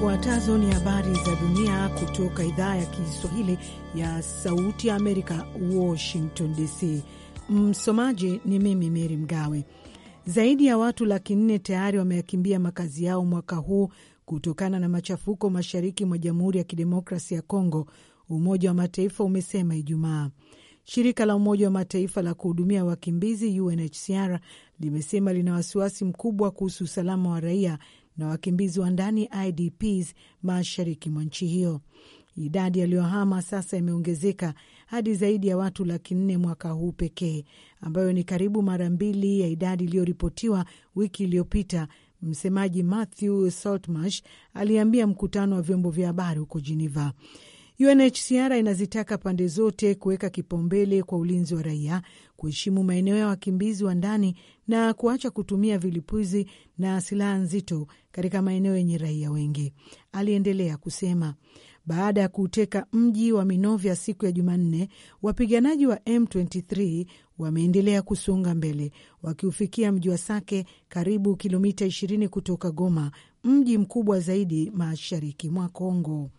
Zifuatazo ni habari za dunia kutoka idhaa ya Kiswahili ya Sauti ya Amerika, Washington DC. Msomaji ni mimi Meri Mgawe. Zaidi ya watu laki nne tayari wameyakimbia makazi yao mwaka huu kutokana na machafuko mashariki mwa Jamhuri ya Kidemokrasi ya Kongo, Umoja wa Mataifa umesema Ijumaa. Shirika la Umoja wa Mataifa la kuhudumia wakimbizi UNHCR limesema lina wasiwasi mkubwa kuhusu usalama wa raia na wakimbizi wa ndani IDPs mashariki mwa nchi hiyo. Idadi yaliyohama sasa imeongezeka hadi zaidi ya watu laki nne mwaka huu pekee, ambayo ni karibu mara mbili ya idadi iliyoripotiwa wiki iliyopita. Msemaji Matthew Saltmarsh aliambia mkutano wa vyombo vya habari huko Geneva. UNHCR inazitaka pande zote kuweka kipaumbele kwa ulinzi wa raia, kuheshimu maeneo ya wakimbizi wa ndani na kuacha kutumia vilipuzi na silaha nzito katika maeneo yenye raia wengi, aliendelea kusema. Baada ya kuuteka mji wa Minovya siku ya Jumanne, wapiganaji wa M23 wameendelea kusonga mbele wakiufikia mji wa Sake, karibu kilomita 20 kutoka Goma, mji mkubwa zaidi mashariki mwa Kongo.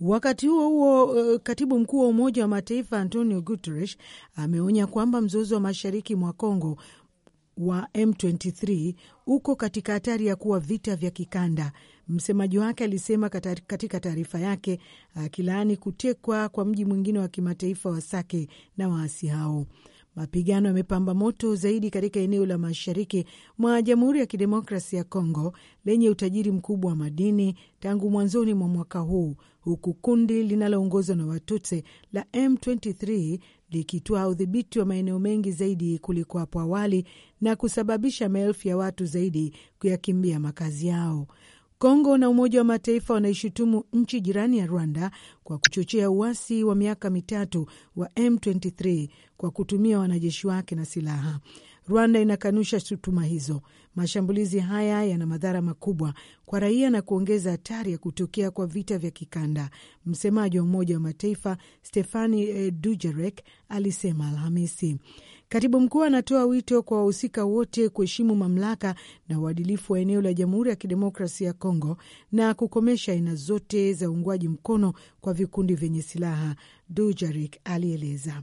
Wakati huo huo, eh, katibu mkuu wa Umoja wa Mataifa Antonio Guterres ameonya kwamba mzozo wa mashariki mwa congo wa M23 uko katika hatari ya kuwa vita vya kikanda. Msemaji wake alisema katika taarifa yake akilaani kutekwa kwa mji mwingine wa kimataifa wa Sake na waasi hao. Mapigano yamepamba moto zaidi katika eneo la mashariki mwa Jamhuri ya Kidemokrasi ya Kongo lenye utajiri mkubwa wa madini tangu mwanzoni mwa mwaka huu, huku kundi linaloongozwa na Watutsi la M23 likitoa udhibiti wa maeneo mengi zaidi kuliko hapo awali na kusababisha maelfu ya watu zaidi kuyakimbia makazi yao. Kongo na Umoja wa Mataifa wanaishutumu nchi jirani ya Rwanda kwa kuchochea uasi wa miaka mitatu wa M23 kwa kutumia wanajeshi wake na silaha. Rwanda inakanusha shutuma hizo. Mashambulizi haya yana madhara makubwa kwa raia na kuongeza hatari ya kutokea kwa vita vya kikanda, msemaji wa Umoja wa Mataifa Stefani Dujarek alisema Alhamisi. Katibu mkuu anatoa wito kwa wahusika wote kuheshimu mamlaka na uadilifu wa eneo la Jamhuri ya Kidemokrasia ya Kongo na kukomesha aina zote za uungwaji mkono kwa vikundi vyenye silaha, Dujarik alieleza.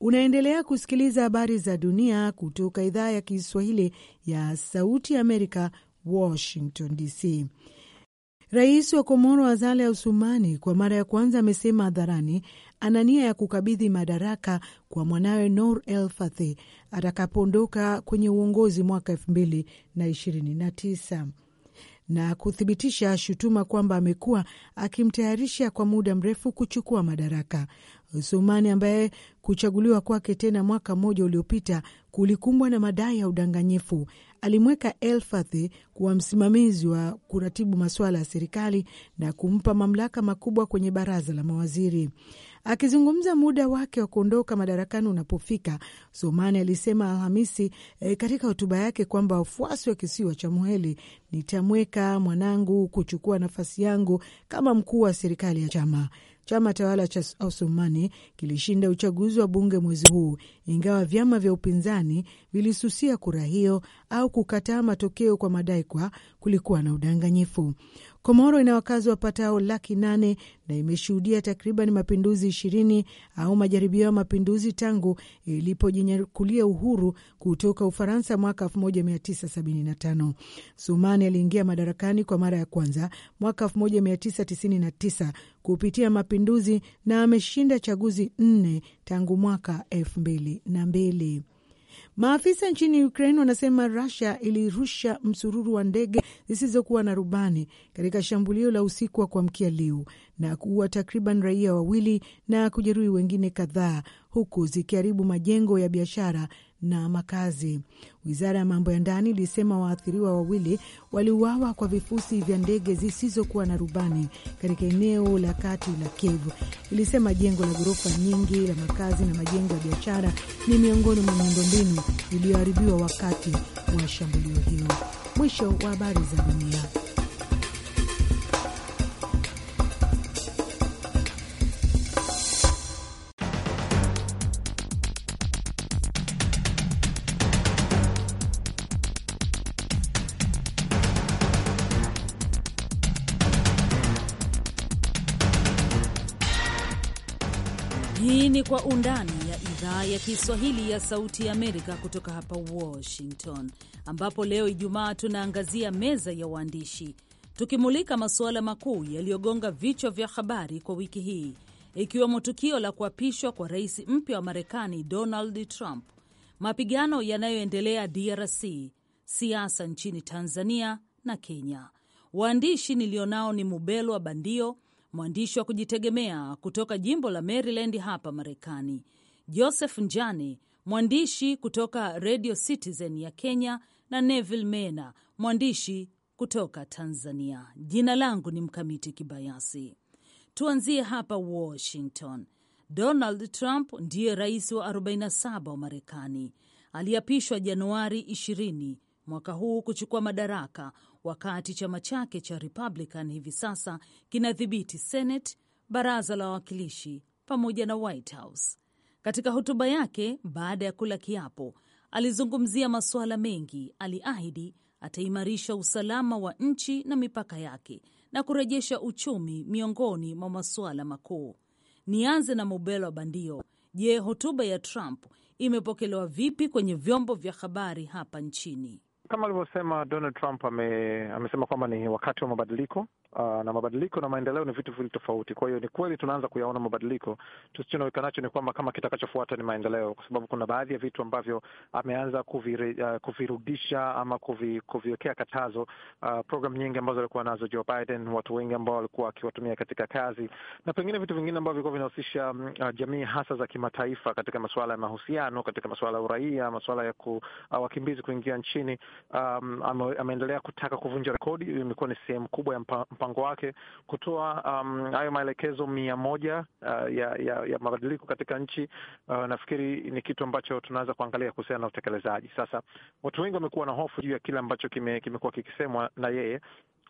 Unaendelea kusikiliza habari za dunia kutoka idhaa ya Kiswahili ya Sauti Amerika, Washington DC. Rais wa Komoro Azali usumani kwa mara ya kwanza amesema hadharani ana nia ya kukabidhi madaraka kwa mwanawe nor El Fathi atakapoondoka kwenye uongozi mwaka elfu mbili na ishirini na tisa na kuthibitisha shutuma kwamba amekuwa akimtayarisha kwa muda mrefu kuchukua madaraka. Sumani ambaye kuchaguliwa kwake tena mwaka mmoja uliopita kulikumbwa na madai ya udanganyifu, alimweka Elfathi kuwa msimamizi wa kuratibu masuala ya serikali na kumpa mamlaka makubwa kwenye baraza la mawaziri. Akizungumza muda wake wa kuondoka madarakani unapofika, Somani alisema Alhamisi e, katika hotuba yake kwamba wafuasi wa kisiwa cha Mweli, nitamweka mwanangu kuchukua nafasi yangu kama mkuu wa serikali ya chama. Chama tawala cha Osumani kilishinda uchaguzi wa bunge mwezi huu, ingawa vyama vya upinzani vilisusia kura hiyo au kukataa matokeo kwa madai kwa kulikuwa na udanganyifu. Komoro ina wakazi wapatao laki nane na imeshuhudia takriban mapinduzi ishirini au majaribio ya mapinduzi tangu ilipojinyakulia uhuru kutoka Ufaransa mwaka 1975. Sumani aliingia madarakani kwa mara ya kwanza mwaka 1999 kupitia mapinduzi mapinduzi na ameshinda chaguzi nne tangu mwaka elfu mbili na mbili. Maafisa nchini Ukraine wanasema Rusia ilirusha msururu wa ndege zisizokuwa na rubani katika shambulio la usiku wa kuamkia leo na kuua takriban raia wawili na kujeruhi wengine kadhaa, huku zikiharibu majengo ya biashara na makazi. Wizara ya mambo ya ndani ilisema waathiriwa wawili waliuawa kwa vifusi vya ndege zisizokuwa na rubani katika eneo la kati la Kivu. Ilisema jengo la ghorofa nyingi la makazi na majengo ya biashara ni miongoni mwa miundombinu iliyoharibiwa wakati wa shambulio hilo. Mwisho wa habari za dunia. Kwa Undani ya idhaa ya Kiswahili ya Sauti ya Amerika kutoka hapa Washington, ambapo leo Ijumaa tunaangazia meza ya waandishi tukimulika masuala makuu yaliyogonga vichwa vya habari kwa wiki hii, ikiwemo tukio la kuapishwa kwa rais mpya wa Marekani Donald Trump, mapigano yanayoendelea DRC, siasa nchini Tanzania na Kenya. Waandishi nilionao ni Mubelwa Bandio mwandishi wa kujitegemea kutoka jimbo la Maryland hapa Marekani, Joseph Njane, mwandishi kutoka Radio Citizen ya Kenya, na Neville Mena, mwandishi kutoka Tanzania. Jina langu ni Mkamiti Kibayasi. Tuanzie hapa Washington. Donald Trump ndiye rais wa 47 wa Marekani, aliapishwa Januari 20 mwaka huu kuchukua madaraka wakati chama chake cha Republican hivi sasa kinadhibiti Senate, baraza la wawakilishi pamoja na White House. Katika hotuba yake baada ya kula kiapo, alizungumzia masuala mengi. Aliahidi ataimarisha usalama wa nchi na mipaka yake na kurejesha uchumi, miongoni mwa masuala makuu. Nianze na Mobelo Bandio. Je, hotuba ya Trump imepokelewa vipi kwenye vyombo vya habari hapa nchini? kama alivyosema Donald Trump ame, amesema kwamba ni wakati wa mabadiliko uh, na mabadiliko na maendeleo ni vitu vili tofauti. Kwa hiyo ni kweli tunaanza kuyaona mabadiliko, tusichonaweka nacho ni kwamba kama kitakachofuata ni maendeleo, kwa sababu kuna baadhi ya vitu ambavyo ameanza kuviri, uh, kuvirudisha ama kuvi, kuviwekea katazo uh, programu nyingi ambazo alikuwa nazo Joe Biden, watu wengi ambao walikuwa wakiwatumia katika kazi na pengine vitu vingine ambavyo vilikuwa vinahusisha mm, uh, jamii hasa za kimataifa katika masuala ya mahusiano, katika masuala ya uraia, masuala ya ku, uh, wakimbizi kuingia nchini. Um, ameendelea kutaka kuvunja rekodi, imekuwa ni sehemu kubwa ya mpa, mpa mpango wake kutoa um, hayo um, maelekezo mia moja uh, ya, ya, ya mabadiliko katika nchi uh, nafikiri ni kitu ambacho tunaweza kuangalia kuhusiana na utekelezaji. Sasa watu wengi wamekuwa na hofu juu ya kile ambacho kimekuwa kime kikisemwa na yeye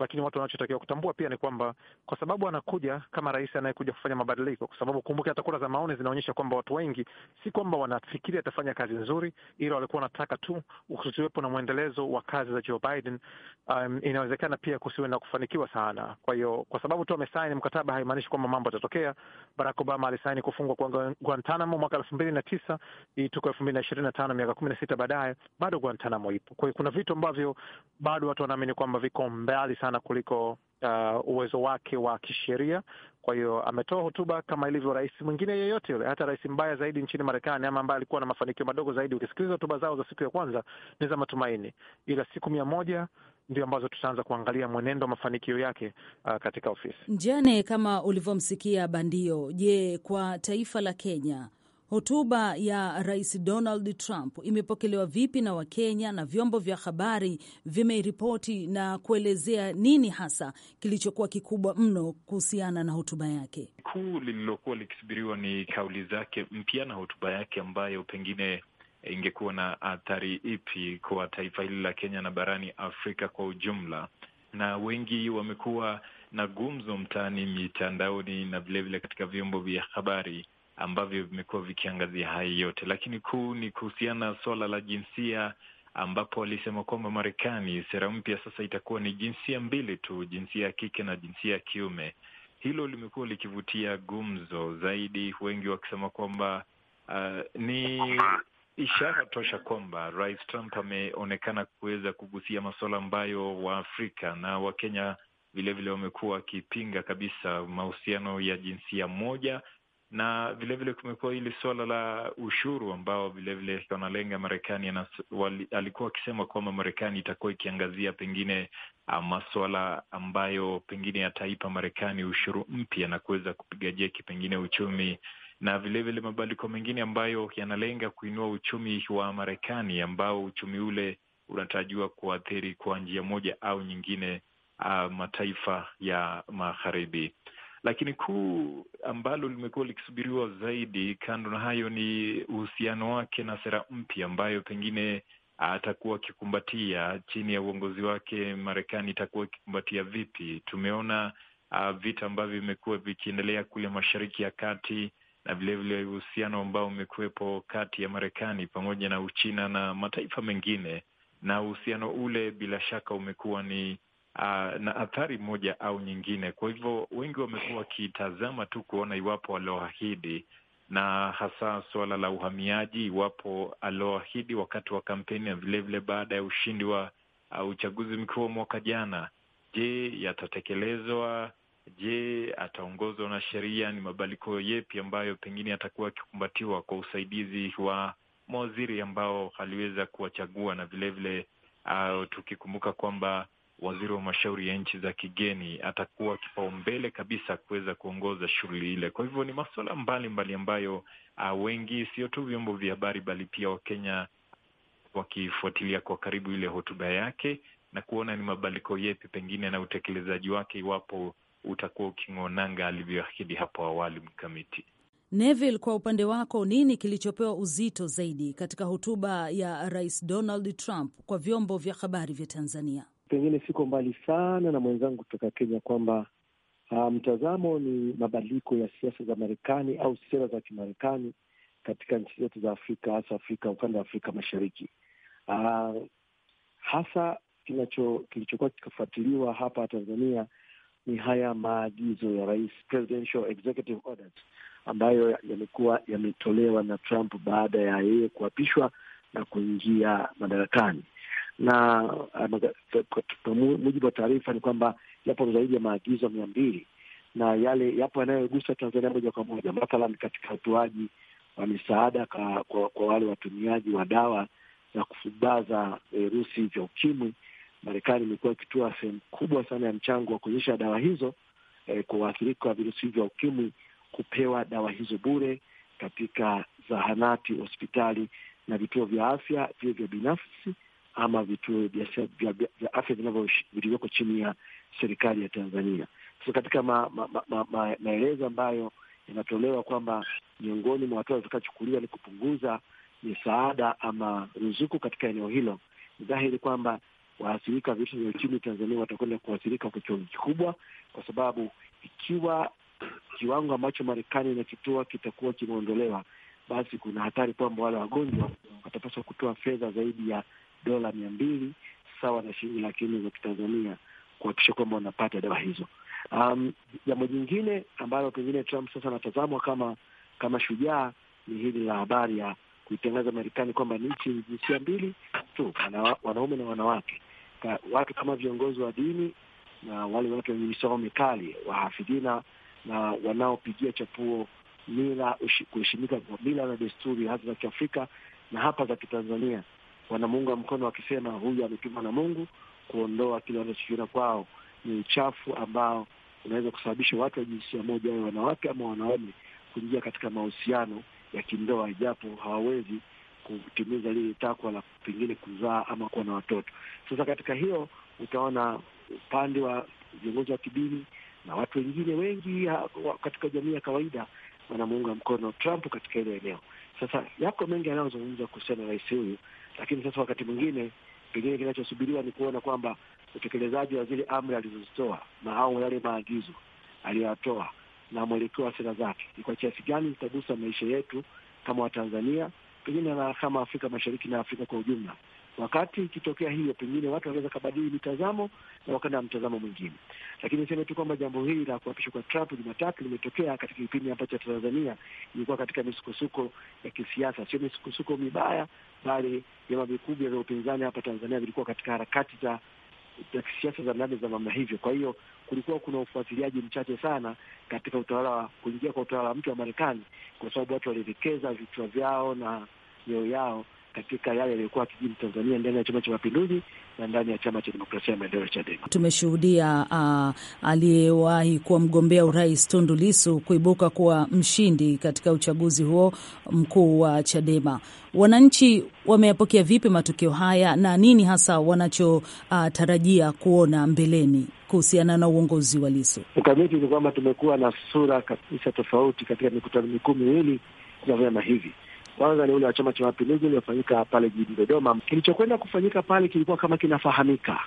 lakini watu wanachotakiwa kutambua pia ni kwamba kwa sababu anakuja kama rais anayekuja kufanya mabadiliko, kwa sababu kumbuke, hata kura za maoni zinaonyesha kwamba watu wengi si kwamba wanafikiri atafanya kazi nzuri, ila walikuwa wanataka tu kusiwepo na mwendelezo wa kazi za Joe Biden. Um, inawezekana pia kusiwe na kufanikiwa sana. Kwa hiyo kwa sababu tu amesaini mkataba haimaanishi kwamba mambo yatatokea. Barack Obama alisaini kufungwa kwa Guantanamo mwaka elfu mbili na tisa ituko elfu mbili na ishirini na tano miaka kumi na sita baadaye bado Guantanamo ipo. Kwa hiyo kuna vitu ambavyo bado watu wanaamini kwamba viko mbali sana sana kuliko uh, uwezo wake wa kisheria. Kwa hiyo ametoa hotuba kama ilivyo rais mwingine yeyote yule, hata rais mbaya zaidi nchini Marekani ama ambaye alikuwa na mafanikio madogo zaidi. Ukisikiliza hotuba zao za siku ya kwanza ni za matumaini, ila siku mia moja ndio ambazo tutaanza kuangalia mwenendo wa mafanikio yake uh, katika ofisi. Njane, kama ulivyomsikia Bandio, je, kwa taifa la Kenya hotuba ya Rais Donald Trump imepokelewa vipi na Wakenya na vyombo vya habari vimeripoti na kuelezea nini hasa kilichokuwa kikubwa mno kuhusiana na hotuba yake? Kuu lililokuwa likisubiriwa ni kauli zake mpya na hotuba yake ambayo pengine ingekuwa na athari ipi kwa taifa hili la Kenya na barani Afrika kwa ujumla. Na wengi wamekuwa na gumzo mtaani, mitandaoni na vilevile katika vyombo vya habari ambavyo vimekuwa vikiangazia hayo yote, lakini kuu ni kuhusiana na suala la jinsia, ambapo walisema kwamba Marekani sera mpya sasa itakuwa ni jinsia mbili tu, jinsia ya kike na jinsia ya kiume. Hilo limekuwa likivutia gumzo zaidi, wengi wakisema kwamba uh, ni ishara tosha kwamba Rais Trump ameonekana kuweza kugusia masuala ambayo Waafrika na Wakenya vilevile wamekuwa wakipinga kabisa mahusiano ya jinsia moja na vilevile kumekuwa hili suala la ushuru ambao vilevile wanalenga Marekani. Alikuwa akisema kwamba Marekani itakuwa ikiangazia pengine ah, masuala ambayo pengine yataipa Marekani ushuru mpya na kuweza kupiga jeki pengine uchumi na vilevile mabadiliko mengine ambayo yanalenga kuinua uchumi wa Marekani ambao uchumi ule unatarajiwa kuathiri kwa njia moja au nyingine uh, mataifa ya magharibi. Lakini kuu ambalo limekuwa likisubiriwa zaidi, kando na hayo, ni uhusiano wake na sera mpya ambayo pengine atakuwa akikumbatia chini ya uongozi wake. Marekani itakuwa ikikumbatia vipi? Tumeona uh, vita ambavyo vimekuwa vikiendelea kule Mashariki ya Kati na vilevile uhusiano ambao umekuwepo kati ya Marekani pamoja na Uchina na mataifa mengine, na uhusiano ule bila shaka umekuwa ni Uh, na athari moja au nyingine. Kwa hivyo wengi wamekuwa wakitazama tu kuona iwapo walioahidi, na hasa suala la uhamiaji, iwapo alioahidi wakati wa kampeni na vilevile baada ya ushindi wa uh, uchaguzi mkuu wa mwaka jana, je, yatatekelezwa? Je, ataongozwa na sheria? Ni mabadiliko yepi ambayo pengine yatakuwa akikumbatiwa kwa usaidizi wa mawaziri ambao aliweza kuwachagua, na vilevile uh, ah, tukikumbuka kwamba waziri wa mashauri ya nchi za kigeni atakuwa kipaumbele kabisa kuweza kuongoza shughuli ile. Kwa hivyo ni masuala mbalimbali ambayo uh, wengi sio tu vyombo vya habari, bali pia Wakenya wakifuatilia kwa karibu ile hotuba yake na kuona ni mabadiliko yepi pengine na utekelezaji wake, iwapo utakuwa uking'onanga alivyoahidi hapo awali. Mkamiti Neville, kwa upande wako, nini kilichopewa uzito zaidi katika hotuba ya Rais Donald Trump kwa vyombo vya habari vya Tanzania? pengine siko mbali sana na mwenzangu kutoka Kenya kwamba uh, mtazamo ni mabadiliko ya siasa za Marekani au sera za Kimarekani katika nchi zetu za Afrika, hasa Afrika, ukanda wa Afrika Mashariki. Uh, hasa kilichokuwa kikafuatiliwa hapa Tanzania ni haya maagizo ya rais, presidential executive orders, ambayo yamekuwa yametolewa na Trump baada ya yeye kuapishwa na kuingia madarakani na eh, kwa mujibu wa taarifa ni kwamba yapo zaidi ya maagizo mia mbili na yale yapo yanayogusa Tanzania moja kwa moja, mathalan katika utoaji wa misaada kwa, kwa, kwa wale watumiaji wa dawa za kufubaza virusi vya ukimwi. Marekani imekuwa ikitoa sehemu kubwa sana ya mchango wa kuonyesha dawa hizo eh, kwa waathirika wa virusi vya ukimwi kupewa dawa hizo bure katika zahanati, hospitali na vituo vya afya vio vya binafsi ama vituo vya afya vilivyoko chini ya serikali ya Tanzania. So katika maelezo ma, ma, ma, ambayo yanatolewa kwamba miongoni mwa hatua zitakachukuliwa ni kupunguza misaada ama ruzuku katika eneo hilo, ni dhahiri kwamba waathirika vitu vya uchumi Tanzania watakwenda kuathirika kwa kiwango kikubwa, kwa sababu ikiwa kiwango ambacho Marekani inakitoa kitakuwa kimeondolewa, basi kuna hatari kwamba wale wagonjwa watapaswa kutoa fedha zaidi ya dola mia mbili sawa na shilingi laki nne za Kitanzania kuhakikisha kwamba wanapata dawa hizo. Um, jambo um, jingine ambalo pengine Trump sasa anatazamwa kama kama shujaa ni hili la habari ya kuitangaza Marekani kwamba ni nchi jinsia mbili tu, wanaume na wanawake. Ka, watu kama viongozi wa dini na wale watu wenye misomo mikali, wahafidhina na wanaopigia chapuo mila kuheshimika kwa mila na desturi hasa za Kiafrika na hapa za Kitanzania wanamuunga mkono wakisema huyu ametumwa na Mungu kuondoa kile wanachokiona kwao ni uchafu ambao unaweza kusababisha watu wa jinsia moja, wawe wanawake ama wanaume, kuingia katika mahusiano ya kindoa, ijapo hawawezi kutimiza lile takwa la pengine kuzaa ama kuwa na watoto. Sasa katika hiyo utaona upande wa viongozi wa kidini na watu wengine wengi ya, katika jamii ya kawaida wanamuunga mkono Trump katika hilo eneo. Sasa yako mengi yanayozungumza kuhusiana na rais huyu, lakini sasa wakati mwingine pengine kinachosubiriwa ni kuona kwamba utekelezaji wa zile amri alizozitoa na au yale maagizo aliyoyatoa na mwelekeo wa sera zake ni kwa kiasi gani zitagusa maisha yetu kama Watanzania, pengine na kama Afrika Mashariki na Afrika kwa ujumla. Wakati ikitokea hiyo, pengine watu wanaweza kabadili mitazamo na wakaenda na mtazamo mwingine, lakini niseme tu kwamba jambo hili la kuapishwa kwa Trump Jumatatu limetokea katika kipindi ambacho Tanzania ilikuwa katika misukosuko ya kisiasa, sio misukosuko mibaya, bali vyama vikubwa vya upinzani hapa Tanzania vilikuwa katika harakati za za kisiasa za ndani za namna hivyo. Kwa hiyo kulikuwa kuna ufuatiliaji mchache sana katika utawala wa kuingia kwa utawala wa mtu wa Marekani, kwa sababu watu walielekeza vichwa vyao na mioyo yao katika yale yaliyokuwa kijini Tanzania ndani ya Chama cha Mapinduzi na ndani ya Chama cha Demokrasia ya Maendeleo, CHADEMA. Tumeshuhudia uh, aliyewahi kuwa mgombea urais Tundu Lisu kuibuka kuwa mshindi katika uchaguzi huo mkuu wa CHADEMA. Wananchi wameyapokea vipi matukio haya na nini hasa wanachotarajia uh, kuona mbeleni kuhusiana na uongozi wa Lisu? Mkamiti ni kwamba tumekuwa na sura kabisa tofauti katika mikutano mikuu miwili na vyama hivi kwanza ni ule wa Chama cha Mapinduzi uliofanyika pale jijini Dodoma. Kilichokwenda kufanyika pale kilikuwa kama kinafahamika,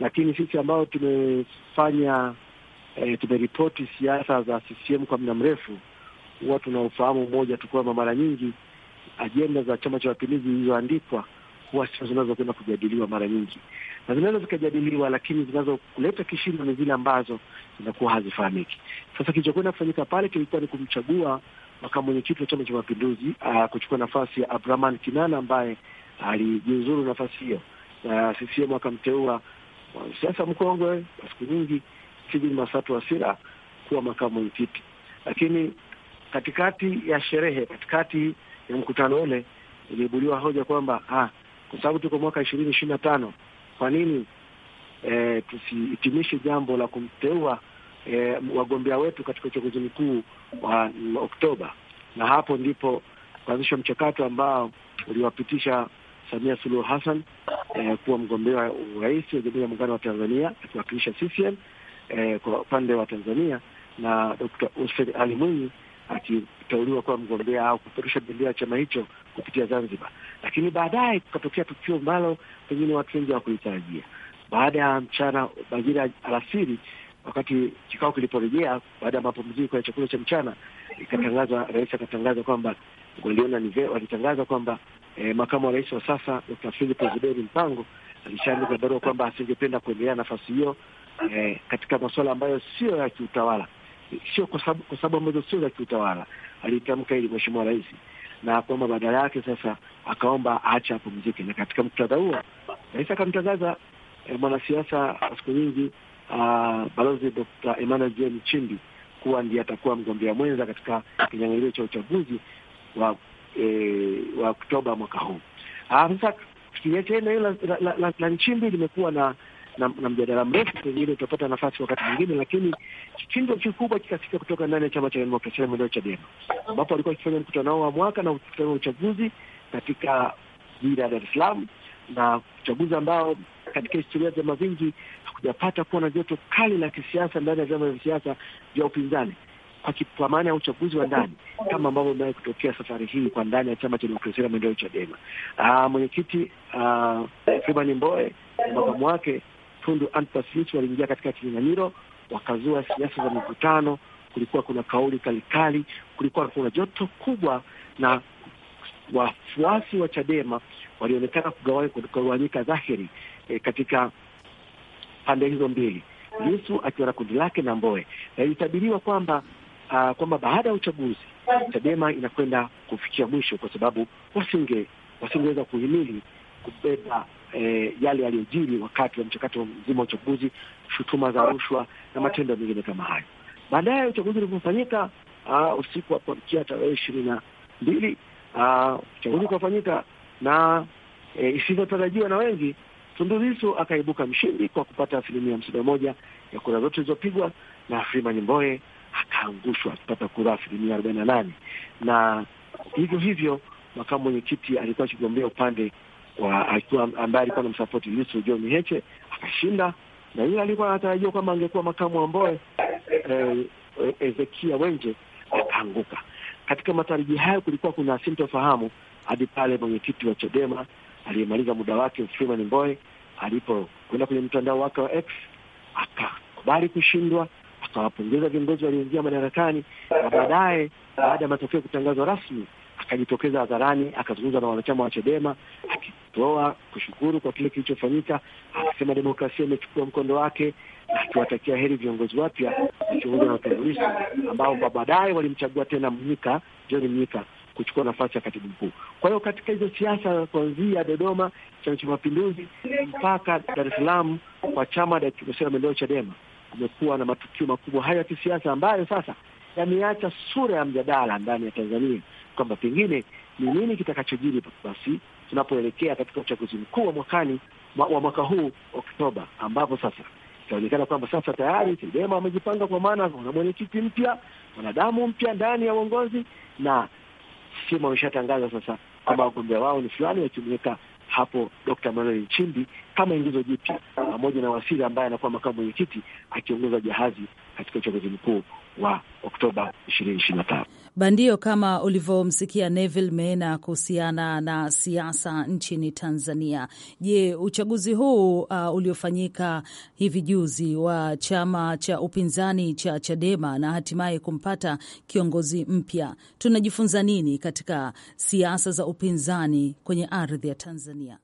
lakini sisi ambao tumefanya e, tumeripoti siasa za CCM kwa muda mrefu, huwa tunaufahamu mmoja tu kwamba mara nyingi ajenda za Chama cha Mapinduzi zilizoandikwa huwa sio zinazokwenda kujadiliwa mara nyingi, na zinaweza zikajadiliwa, lakini zinazokuleta kishindo ni zile ambazo zinakuwa hazifahamiki. Sasa kilichokwenda kufanyika pale kilikuwa ni kumchagua makamu mwenyekiti wa Chama cha Mapinduzi uh, kuchukua nafasi ya abdurahman Kinana ambaye alijiuzuru nafasi hiyo, na uh, CCM akamteua mwanasiasa mkongwe wa siku nyingi Sijini Masatu Wasira kuwa makamu mwenyekiti. Lakini katikati ya sherehe, katikati ya mkutano ule, iliibuliwa hoja kwamba ah, kwa sababu tuko mwaka ishirini ishirini na tano, kwa nini eh, tusihitimishe jambo la kumteua e, wagombea wetu katika uchaguzi mkuu wa Oktoba, na hapo ndipo kuanzisha mchakato ambao uliwapitisha Samia Suluhu Hassan e, kuwa mgombea wa urais wa Jamhuri ya Muungano wa Tanzania akiwakilisha CCM e, kwa upande wa Tanzania na Dr. Hussein Ali Mwinyi akiteuliwa kuwa mgombea au kupeperusha bendera ya chama hicho kupitia Zanzibar. Lakini baadaye kukatokea tukio ambalo pengine watu wengi hawakulitarajia. Baada ya mchana, majira alasiri, wakati kikao kiliporejea baada ya mapumziko ya chakula cha mchana, ikatangaza rais akatangaza kwamba waliona ni vema, walitangaza kwamba eh, makamu wa rais wa sasa Dr. Philip Zuberi Mpango alishaandika barua kwamba asingependa kuendelea nafasi hiyo eh, katika masuala ambayo sio ya kiutawala, sio kwa sababu kwa sababu ambazo sio za kiutawala, alitamka ili mheshimiwa rais, na kwamba badala yake sasa akaomba aache apumzike. Na katika muktadha huo rais akamtangaza eh, mwanasiasa wa siku nyingi uh, balozi Dr. Emmanuel John Nchimbi kuwa ndiye atakuwa mgombea mwenza katika kinyang'anyiro cha uchaguzi wa e, wa Oktoba mwaka huu. Ah, sasa eneo hilo la, la, la, la, Nchimbi limekuwa na na, na mjadala mrefu, pengine utapata nafasi wakati mwingine, lakini kichindo kikubwa kikafika kutoka ndani ya chama cha demokrasia na maendeleo CHADEMA, ambapo alikuwa akifanya mkutano wao wa mwaka na mkutano wa uchaguzi katika jiji la Dar es Salaam, na uchaguzi ambao katika historia ya vyama vingi hakujapata kuwa na joto kali la kisiasa ndani ya vyama vya siasa vya upinzani kwa maana ya uchaguzi wa ndani kama ambavyo imewahi kutokea safari hii kwa ndani ya chama cha demokrasia na maendeleo Chadema. Ah, mwenyekiti ah, Freeman Mbowe na makamu wake Tundu Antipas Lissu waliingia katika kinyang'anyiro, wakazua siasa za mivutano. Kulikuwa kuna kauli kalikali, kulikuwa kuna joto kubwa, na wafuasi wa Chadema walionekana kugawanyika dhahiri eh, katika pande hizo mbili, Lissu akiwa na kundi lake na mboe na ilitabiriwa kwamba uh, kwamba baada ya uchaguzi Chadema inakwenda kufikia mwisho kwa sababu wasinge wasingeweza kuhimili kubeba e, yale yaliyojiri wakati wa mchakato mzima wa uchaguzi, shutuma za rushwa na matendo mengine kama hayo. Baadaye uchaguzi ulivyofanyika uh, usiku wa kuamkia tarehe ishirini na mbili ah, uchaguzi ukafanyika na e, isivyotarajiwa na wengi Tundu Lissu akaibuka mshindi kwa kupata asilimia hamsini na moja ya kura zote zilizopigwa, na Freeman Mbowe akaangushwa akipata kura asilimia arobaini na nane na hivyo hivyo makamu mwenyekiti alikuwa akigombea upande wa akiwa ambaye alikuwa na msapoti Lissu John Heche akashinda, na yule alikuwa anatarajiwa kwamba angekuwa makamu wa Mbowe eh, eh, Ezekia Wenje akaanguka. Katika matarajio hayo kulikuwa kuna sintofahamu hadi pale mwenyekiti wa Chadema aliyemaliza muda wake Freeman Mbowe alipokwenda kwenye mtandao wake wa X akakubali kushindwa, akawapongeza viongozi walioingia madarakani, na baadaye, baada ya matokeo kutangazwa rasmi, akajitokeza hadharani akazungumza na wanachama wa Chadema akitoa kushukuru kwa kile kilichofanyika, akisema demokrasia imechukua mkondo wake, na akiwatakia heri viongozi wapya wakiongozwa na wateroristi ambao kwa baadaye walimchagua tena Mnyika, John Mnyika kuchukua nafasi ya katibu mkuu. Kwa hiyo katika hizo siasa kuanzia Dodoma, Chama cha Mapinduzi mpaka Dar es Salaam kwa chama cha demokrasia na maendeleo Chadema, kumekuwa na matukio makubwa hayo ya kisiasa ambayo sasa yameacha sura ya mjadala ndani ya Tanzania kwamba pengine ni nini kitakachojiri basi tunapoelekea katika uchaguzi mkuu wa mwakani wa mwaka huu Oktoba, ambapo sasa itaonekana kwamba sasa tayari Chadema wamejipanga kwa maana wana mwenyekiti mpya, mwanadamu mpya ndani ya uongozi na Sema wameshatangaza sasa kwamba wagombea wao ni fulani, wakimuweka hapo Dkt. Emmanuel Nchimbi kama ingizo jipya, pamoja na Wasira ambaye anakuwa makamu mwenyekiti akiongoza jahazi katika uchaguzi mkuu wa Oktoba ishirini ishirini na tano. Bandio, kama ulivyomsikia Neville mena kuhusiana na siasa nchini Tanzania. Je, uchaguzi huu uh, uliofanyika hivi juzi wa chama cha upinzani cha Chadema na hatimaye kumpata kiongozi mpya, tunajifunza nini katika siasa za upinzani kwenye ardhi ya Tanzania?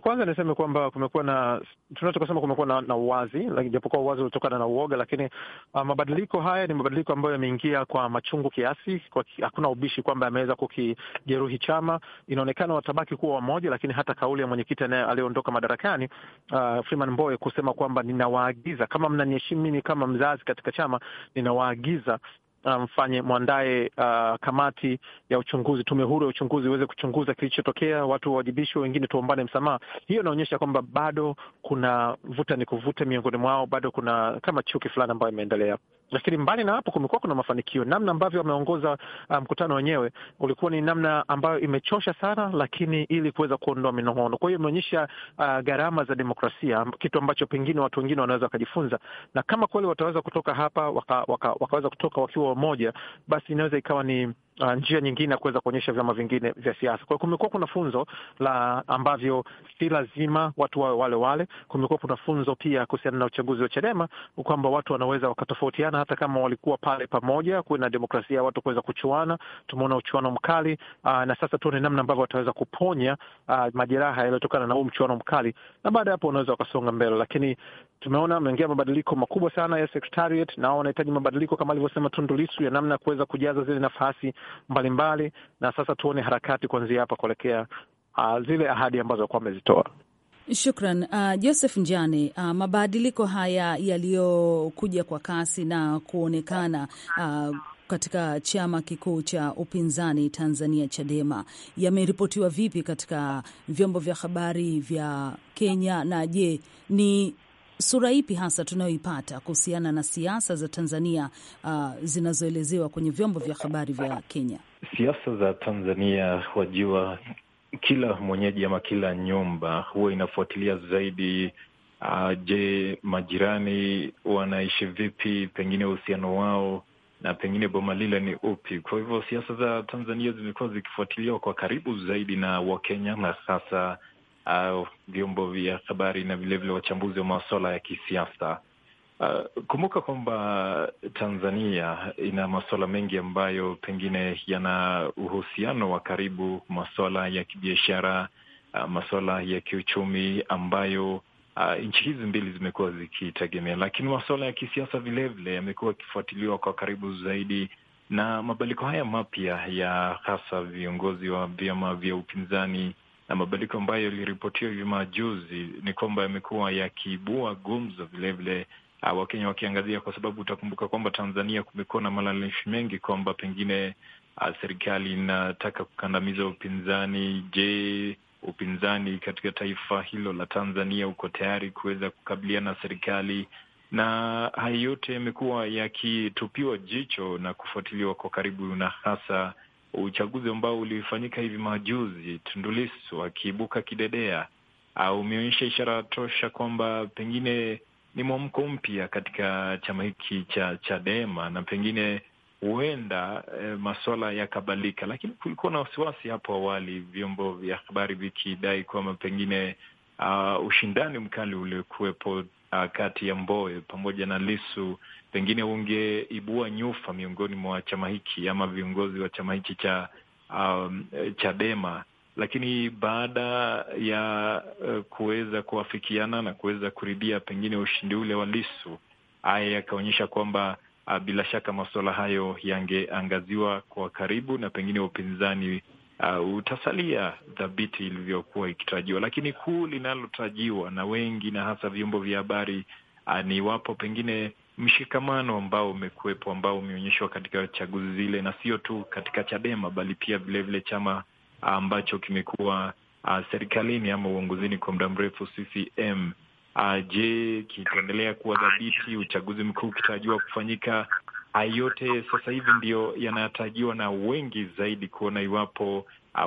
Kwanza niseme kwamba kumekuwa na tunaweza kusema kumekuwa na, na uwazi, japokuwa uwazi ulitokana na uoga, lakini uh, mabadiliko haya ni mabadiliko ambayo yameingia kwa machungu kiasi. Hakuna ubishi kwamba yameweza kukijeruhi chama. Inaonekana watabaki kuwa wamoja, lakini hata kauli ya mwenyekiti aliyeondoka madarakani uh, Freeman Mbowe kusema kwamba ninawaagiza, kama mnaniheshimu mimi kama mzazi katika chama, ninawaagiza Uh, mfanye mwandae uh, kamati ya uchunguzi, tume huru ya uchunguzi iweze kuchunguza kilichotokea, watu wawajibishwe, wengine tuombane msamaha. Hiyo inaonyesha kwamba bado kuna vuta ni kuvuta miongoni mwao, bado kuna kama chuki fulani ambayo imeendelea. Lakini mbali na hapo, kumekuwa kuna mafanikio. Namna ambavyo ameongoza uh, mkutano um, wenyewe ulikuwa ni namna ambayo imechosha sana, lakini ili kuweza kuondoa minong'ono. Kwa hiyo imeonyesha uh, gharama za demokrasia, kitu ambacho pengine watu wengine wanaweza wakajifunza, na kama kweli wataweza kutoka hapa wakaweza waka, waka kutoka wakiwa wamoja, basi inaweza ikawa ni uh, njia nyingine ya kuweza kuonyesha vyama vingine vya siasa. Kwa hiyo kumekuwa kuna funzo la ambavyo si lazima watu wawe wale wale. Kumekuwa kuna funzo pia kuhusiana na uchaguzi wa Chadema kwamba watu wanaweza wakatofautiana hata kama walikuwa pale pamoja, kuwe na demokrasia ya watu kuweza kuchuana. Tumeona uchuano mkali uh, na sasa tuone namna ambavyo wataweza kuponya uh, majeraha yaliyotokana na huu mchuano mkali, na baada ya hapo wanaweza wakasonga mbele, lakini tumeona ameingia mabadiliko makubwa sana ya secretariat, na wanahitaji mabadiliko kama alivyosema Tundu Lissu ya namna ya kuweza kujaza zile nafasi mbalimbali, na sasa tuone harakati kuanzia hapa kuelekea uh, zile ahadi ambazo kuwa amezitoa. Shukran uh, Joseph Njane. Uh, mabadiliko haya yaliyokuja kwa kasi na kuonekana uh, katika chama kikuu cha upinzani Tanzania Chadema yameripotiwa vipi katika vyombo vya habari vya Kenya, na je, ni sura ipi hasa tunayoipata kuhusiana na siasa za Tanzania uh, zinazoelezewa kwenye vyombo vya habari vya Kenya? Siasa za Tanzania, wajua, kila mwenyeji ama kila nyumba huwa inafuatilia zaidi uh, je, majirani wanaishi vipi, pengine uhusiano wao na pengine boma lile ni upi. Kwa hivyo siasa za Tanzania zimekuwa zikifuatiliwa kwa karibu zaidi na Wakenya na hasa uh, vyombo vya habari na vilevile wachambuzi wa masuala ya kisiasa. Uh, kumbuka kwamba Tanzania ina masuala mengi ambayo pengine yana uhusiano wa karibu, masuala ya kibiashara, uh, masuala ya kiuchumi ambayo Uh, nchi hizi mbili zimekuwa zikitegemea, lakini masuala ya kisiasa vilevile yamekuwa yakifuatiliwa kwa karibu zaidi na mabadiliko haya mapya ya hasa viongozi wa vyama vya upinzani na mabadiliko ambayo yaliripotiwa hivi majuzi ni kwamba yamekuwa yakiibua gumzo vilevile, uh, ah, Wakenya wakiangazia, kwa sababu utakumbuka kwamba Tanzania kumekuwa na malalamishi mengi kwamba pengine uh, serikali inataka kukandamiza upinzani. Je, upinzani katika taifa hilo la Tanzania uko tayari kuweza kukabiliana na serikali? Na haya yote yamekuwa yakitupiwa jicho na kufuatiliwa kwa karibu, na hasa uchaguzi ambao ulifanyika hivi majuzi, Tundu Lissu akiibuka kidedea umeonyesha ishara tosha kwamba pengine ni mwamko mpya katika chama hiki cha Chadema na pengine huenda e, eh, masuala yakabalika, lakini kulikuwa na wasiwasi hapo awali, vyombo vya habari vikidai kwamba pengine uh, ushindani mkali uliokuwepo uh, kati ya Mbowe pamoja na Lisu pengine ungeibua nyufa miongoni mwa chama hiki ama viongozi wa chama hiki cha um, Chadema, lakini baada ya uh, kuweza kuafikiana na kuweza kuridhia pengine ushindi ule wa Lisu, haya yakaonyesha kwamba uh, bila shaka masuala hayo yangeangaziwa kwa karibu na pengine upinzani uh, utasalia thabiti ilivyokuwa ikitarajiwa. Lakini kuu linalotarajiwa na wengi na hasa vyombo vya habari uh, ni iwapo pengine mshikamano ambao umekuwepo ambao umeonyeshwa katika chaguzi zile, na sio tu katika Chadema bali pia vilevile chama ambacho kimekuwa uh, serikalini ama uongozini kwa muda mrefu CCM. Uh, je, kitaendelea kuwa dhabiti? Uchaguzi mkuu ukitarajiwa kufanyika yote sasa hivi ndiyo yanatarajiwa na wengi zaidi kuona iwapo ah,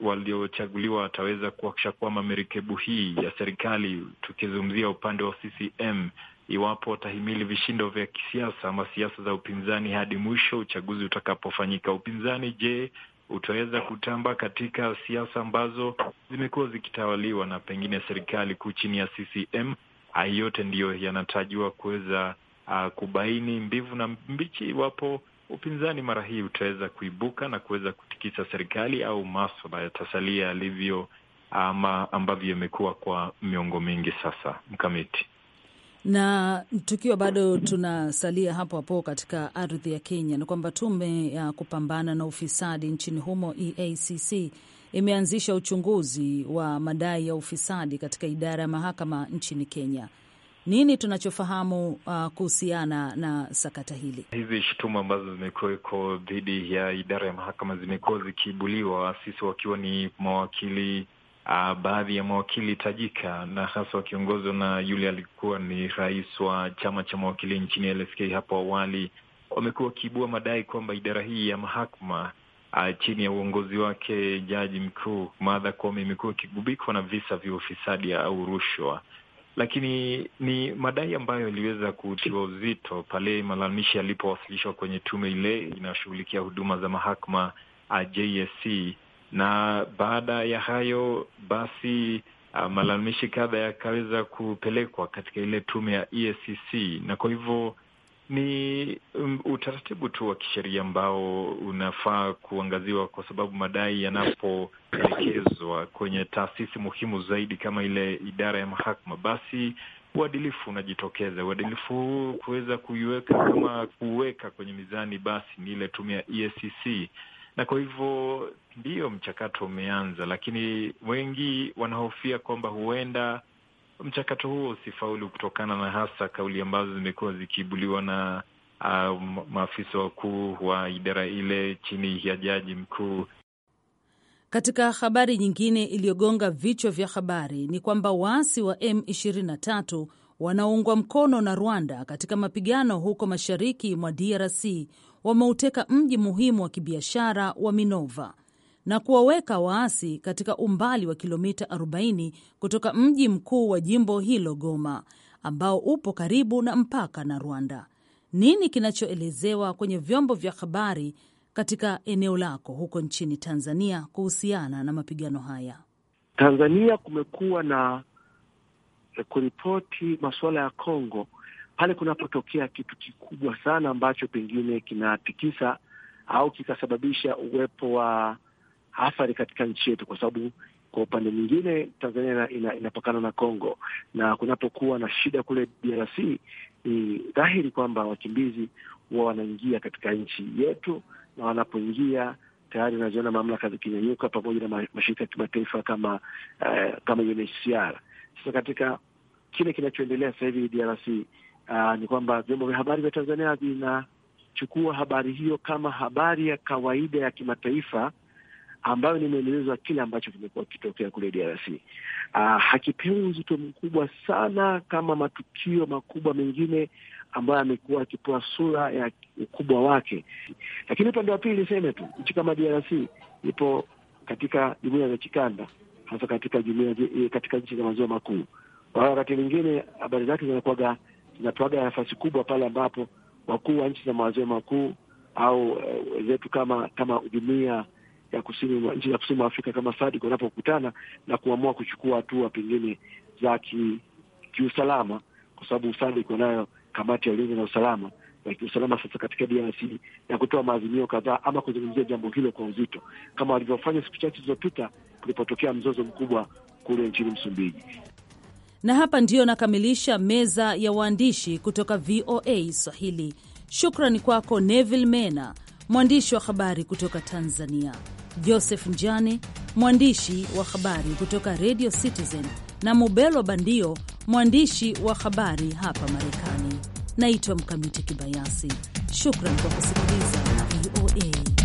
waliochaguliwa wataweza kuakisha kwamba mirekebu hii ya serikali, tukizungumzia upande wa CCM, iwapo watahimili vishindo vya kisiasa ama siasa za upinzani hadi mwisho uchaguzi utakapofanyika. Upinzani je, utaweza kutamba katika siasa ambazo zimekuwa zikitawaliwa na pengine serikali kuu chini ya CCM? Hayo yote ndiyo yanatarajiwa kuweza uh, kubaini mbivu na mbichi iwapo upinzani mara hii utaweza kuibuka na kuweza kutikisa serikali au maswala yatasalia yalivyo ama ambavyo imekuwa kwa miongo mingi sasa. Mkamiti, na tukiwa bado tunasalia hapo hapo katika ardhi ya Kenya, ni kwamba tume ya kupambana na ufisadi nchini humo EACC imeanzisha uchunguzi wa madai ya ufisadi katika idara ya mahakama nchini Kenya. Nini tunachofahamu uh, kuhusiana na sakata hili? Hizi shutuma ambazo zimekuweko dhidi ya idara ya mahakama zimekuwa zikiibuliwa, sisi wakiwa ni mawakili Uh, baadhi ya mawakili tajika na hasa wakiongozwa na yule alikuwa ni rais wa chama cha mawakili nchini LSK hapo awali, wamekuwa wakiibua madai kwamba idara hii ya mahakama uh, chini ya uongozi wake Jaji Mkuu Martha Koome imekuwa ikigubikwa na visa vya ufisadi au rushwa lakini ni madai ambayo yaliweza kutiwa uzito pale malalamishi yalipowasilishwa kwenye tume ile inayoshughulikia huduma za mahakama uh, JSC, na baada ya hayo basi uh, malalamishi kadha yakaweza kupelekwa katika ile tume ya EACC, na kwa hivyo ni um, utaratibu tu wa kisheria ambao unafaa kuangaziwa kwa sababu madai yanapoelekezwa kwenye taasisi muhimu zaidi kama ile idara ya mahakama, basi uadilifu unajitokeza. Uadilifu huu kuweza kuiweka kama kuweka kwenye mizani, basi ni ile tume ya EACC, na kwa hivyo ndiyo mchakato umeanza, lakini wengi wanahofia kwamba huenda mchakato huo usifaulu kutokana na hasa kauli ambazo zimekuwa zikiibuliwa na uh, maafisa wakuu wa idara ile chini ya jaji mkuu. Katika habari nyingine iliyogonga vichwa vya habari ni kwamba waasi wa M23 wanaoungwa mkono na Rwanda katika mapigano huko mashariki mwa DRC wameuteka mji muhimu wa kibiashara wa Minova na kuwaweka waasi katika umbali wa kilomita 40 kutoka mji mkuu wa jimbo hilo Goma, ambao upo karibu na mpaka na Rwanda. Nini kinachoelezewa kwenye vyombo vya habari katika eneo lako huko nchini Tanzania kuhusiana na mapigano haya? Tanzania kumekuwa na kuripoti masuala ya Kongo pale kunapotokea kitu kikubwa sana ambacho pengine kinatikisa au kikasababisha uwepo wa athari katika nchi yetu, kwa sababu kwa upande mwingine Tanzania inapakana ina, na congo na kunapokuwa na shida kule DRC ni dhahiri kwamba wakimbizi huwa wanaingia katika nchi yetu, na wanapoingia tayari unaziona mamlaka zikinyanyuka pamoja na mashirika ya kimataifa kama uh, kama UNHCR. Sasa katika kile kinachoendelea sasa hivi DRC uh, ah, ni kwamba vyombo vya habari vya Tanzania vinachukua habari hiyo kama habari ya kawaida ya kimataifa ambayo ni mwendelezo wa kile ambacho kimekuwa kitokea kule DRC. Uh, ah, hakipewi uzito mkubwa sana kama matukio makubwa mengine ambayo amekuwa akipewa sura ya ukubwa wake, lakini upande wa pili niseme tu nchi kama DRC ipo katika jumuia za kikanda, hasa katika jumuiya eh, katika nchi za maziwa makuu. Kwa hiyo wakati mwingine habari zake zinakuaga zinatoaga nafasi kubwa pale ambapo wakuu wa nchi za maziwa makuu au eh, wenzetu kama kama jumuia ya kusini mwa nchi za kusini mwa Afrika kama SADC wanapokutana na kuamua kuchukua hatua pengine za kiusalama, kwa sababu SADC wanayo kamati ya ulinzi na usalama ya kiusalama sasa katika DRC na kutoa maazimio kadhaa ama kuzungumzia jambo hilo kwa uzito kama walivyofanya siku chache zilizopita kulipotokea mzozo mkubwa kule nchini Msumbiji. Na hapa ndiyo nakamilisha meza ya waandishi kutoka VOA Swahili. Shukrani kwako Neville Mena, mwandishi wa habari kutoka Tanzania. Joseph Mjane, mwandishi wa habari kutoka Radio Citizen, na Mubelwa Bandio, mwandishi wa habari hapa Marekani. Naitwa Mkamiti Kibayasi. Shukran kwa kusikiliza VOA.